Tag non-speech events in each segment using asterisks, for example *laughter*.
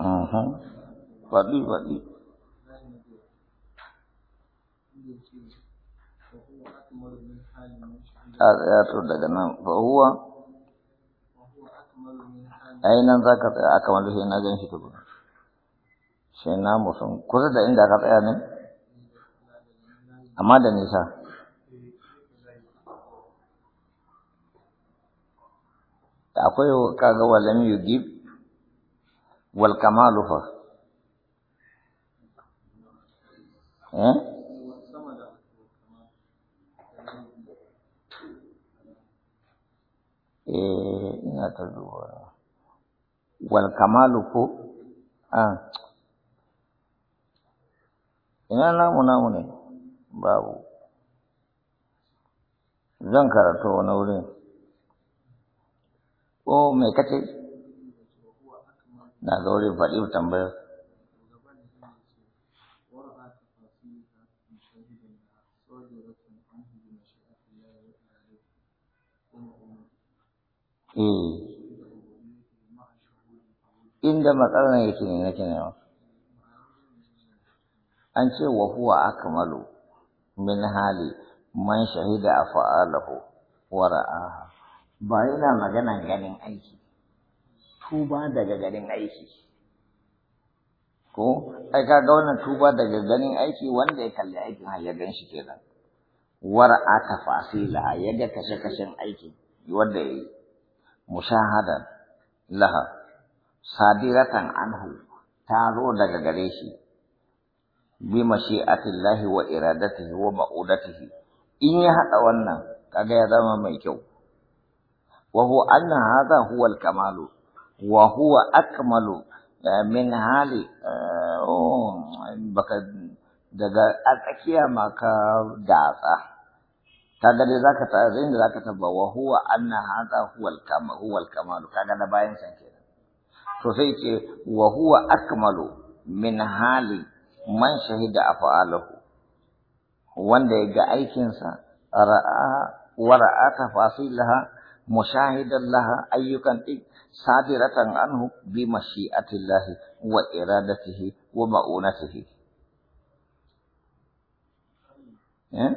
Faɗi uh-huh. faɗi. Ya to daga nan fahuwa. Ai nan za ka tsaya aka wanda sai na gan shi tukun. Sai na musun kusa da inda ka tsaya ne? Amma da nisa. akwai kaga walam yugib wal kamalu fa eh, eh ina ta wal kamalu ko ah ina namu namu ne babu zan karatu wani wurin ko oh, mai kace na ga wurin faɗi tambayar Eh, inda matsalar yake ne nake nema. An ce wa huwa akmalu min hali man shahida a fa’alahu wa ra'aha. Ba yana maganan ganin aiki. tuba daga garin aiki ko ai kaga wannan tuba daga garin aiki wanda ya kalli aikin har ya gan shi kenan a tafasila ya ga kashe-kashen aiki wanda ya yi mushahadan laha sadiratan anhu ta zo daga gare shi bi atillahi wa iradatihi wa ma'udatihi in ya haɗa wannan kaga ya zama mai kyau Wahu allah haza huwal kamalo? kamalu wa huwa akmalu eh, min hali eh, oh, baka daga a tsakiya maka datsa kaga da zaka ta zai da zaka tabba wa huwa anna hadha huwa al-kamal huwa al-kamal kaga da bayan san kenan to sai ce wa huwa akmalu min hali man shahida af'aluhu wanda ya ga aikinsa ra'a wa ra'a tafasilaha mushahidan laha ayyukan ɗin sadiratan anhu bi mashi'atillahi wa iradatihi wa ma'unatihi eh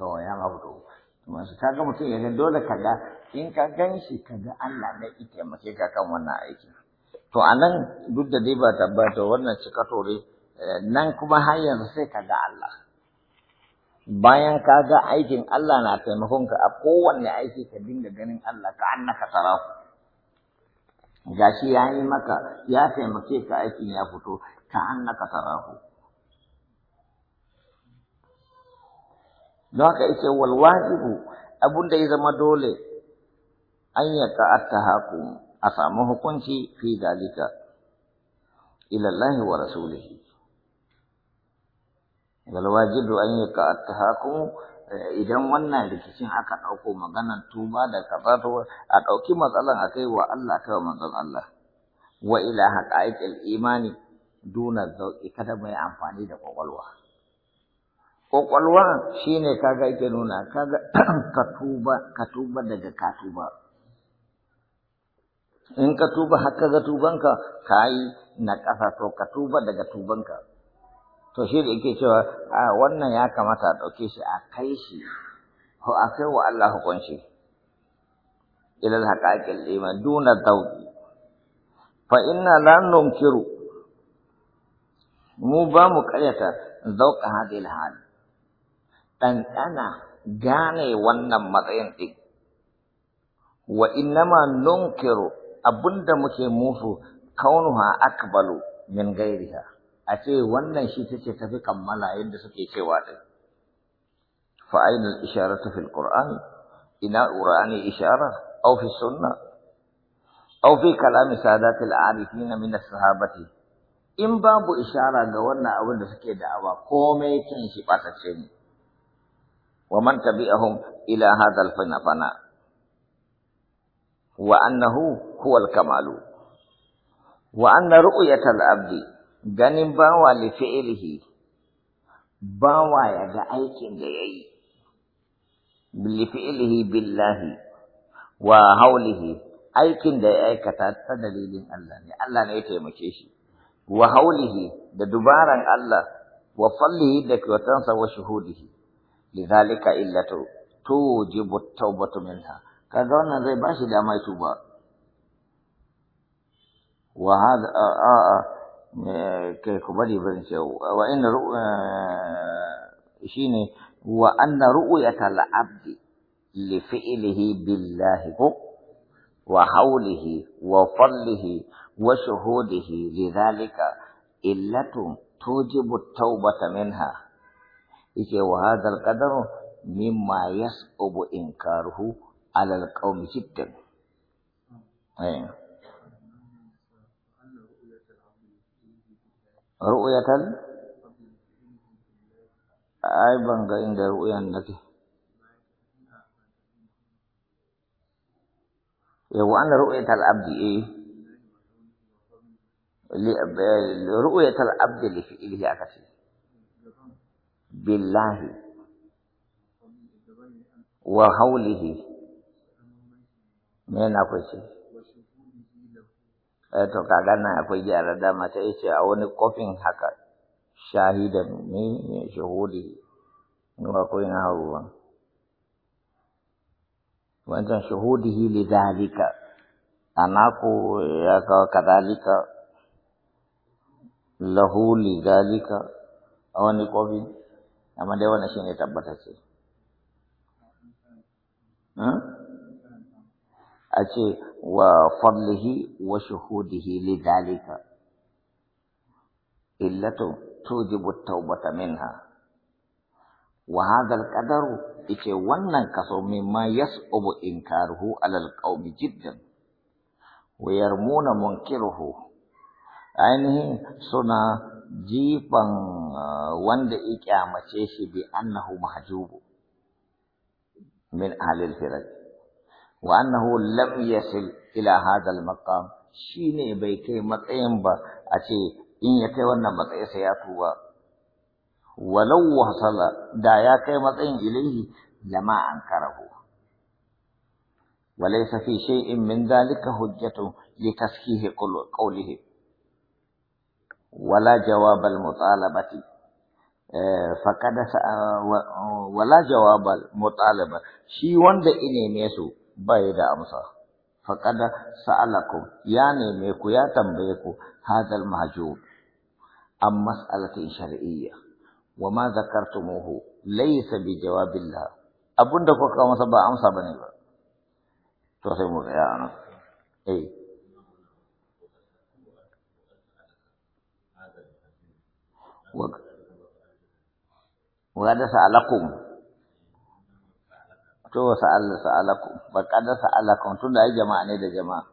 to ya mabudu masu kaga mutum ya ga dole kaga in ka gan shi kaga Allah ne ya taimake ka kan wannan aiki. to anan duk da dai ba tabbata wannan cika tore nan kuma har yanzu sai kaga Allah bayan ka ga aikin Allah na taimakonka a kowanne aiki ka dinga ganin Allah ka annaka Ga shi ya yi maka ya taimake ka aikin ya fito ka annaka tarahu don haka yace wal wajibu abun da ya zama dole an ya ta'atta haku a samu hukunci fi dalika ilallahi wa rasulihi walwajibu an yi ka eh, idan wannan rikicin aka ɗauko maganan tuba da kaza a ɗauki matsalan a kai wa Allah kai wa manzon Allah wa ila al imani duna zauki kada mai amfani da kwakwalwa kwakwalwa shine kaga yake nuna kaga *clears throat* ka tuba daga ka in ka tuba katubanka ga tubanka kayi na ƙasa to ka daga tubanka to shi da yake cewa a wannan ya kamata a ɗauke shi a kai shi ko a kai wa Allah hukunci ilal haqaqil iman duna dauki fa inna la nunkiru mu ba mu karyata zauka hadil hal ɗanɗana gane wannan matsayin ɗin wa innama nunkiru abinda muke musu kaunuha akbalu min gairiha ace wannan shi ta tafi kammala yadda suke cewa ɗin fa ainul isharatu fil qur'an ina qur'ani ishara aw fi sunna aw fi kalami sadatil arifin min as-sahabati in babu ishara ga wannan abin da suke da'awa komai kin shi batacce ne wa man tabi'ahum ila hadha fana fana wa annahu huwa al-kamalu wa anna ru'yatal abdi ganin bawa li bawa ya ga aikin da yayi li fi'ilihi billahi wa haulihi aikin da ya aikata ta dalilin Allah ne Allah ne ya taimake shi wa haulihi da dubaran Allah wa fallihi da kyautansa wa shuhudihi lidhalika illatu tujibu tawbatu minha kaga wannan zai bashi da mai tuba wa hada a a كبدي برنسو وان رؤ آه، شيني وان رؤية العبد لفعله بالله وحوله وفضله وشهوده لذلك إلا توجب التوبة منها إيه وهذا القدر مما يصعب إنكاره على القوم جدا إيه. ru'yatan ai ban ga inda ru'yan nake wa an ru'yatal abdi eh. eh ru'yatal abdi li ilahi akasi billahi wa haulihi me na kwace Eh, to kaga nan akwai gyara dama sai ya ce a wani kofin haka shahidan ne shuhudi in akwai na haruwa wancan shuhudihi li zalika anako ya kawo kadalika lahu li zalika a wani kofi amma dai wannan shine tabbatacce hmm? أتي وفضله وشهوده لذلك إلا توجب التوبة منها وهذا القدر إتي ونن كسو مما يصعب إنكاره على القوم جدا ويرمون منكره ainihin suna jifan wanda ya kyamace shi bi annahu mahjubu min وأنه لم يصل إلى هذا المقام شيني بيكي مطعم با أتي إن يكي ونن مطعي سياتوا ولو وصل دايا كي مطعم إليه لما أنكره وليس في شيء من ذلك حجة لتسكيه قوله ولا جواب المطالبة آه، فقد ولا جواب المطالبة شي وند إني ميسو bai da amsa faqad sa'alakum ya neme ku ya tambaye ku hadal mahjub am mas'alatin shar'iyya wa ma zakartumuhu laysa bi jawabillah abunda kuka masa ba amsa bane ba to sai mu ya ana. eh wa wa da sa'alakum to sa'al sa'alakum ba kada sa'alakum tunda ai jama'a ne da jama'a